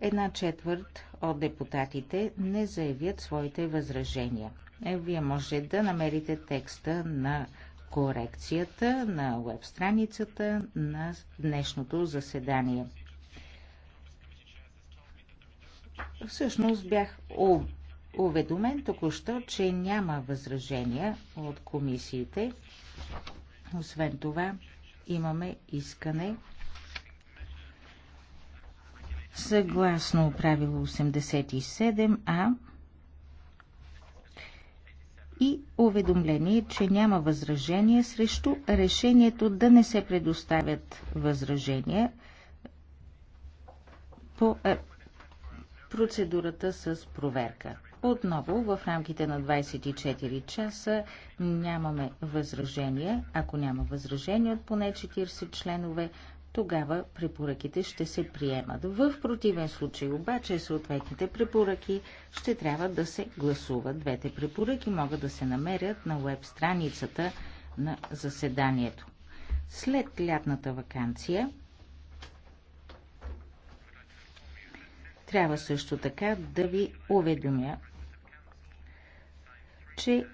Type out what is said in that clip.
една четвърт от депутатите не заявят своите възражения. Е, вие може да намерите текста на корекцията на веб страницата на днешното заседание. Всъщност бях уведомен току-що, че няма възражения от комисиите. Освен това, имаме искане Съгласно правило 87А и уведомление, че няма възражение срещу решението да не се предоставят възражения по е, процедурата с проверка. Отново в рамките на 24 часа нямаме възражения. Ако няма възражения от поне 40 членове, тогава препоръките ще се приемат. В противен случай обаче съответните препоръки ще трябва да се гласуват. Двете препоръки могат да се намерят на веб страницата на заседанието. След лятната вакансия трябва също така да ви уведомя, че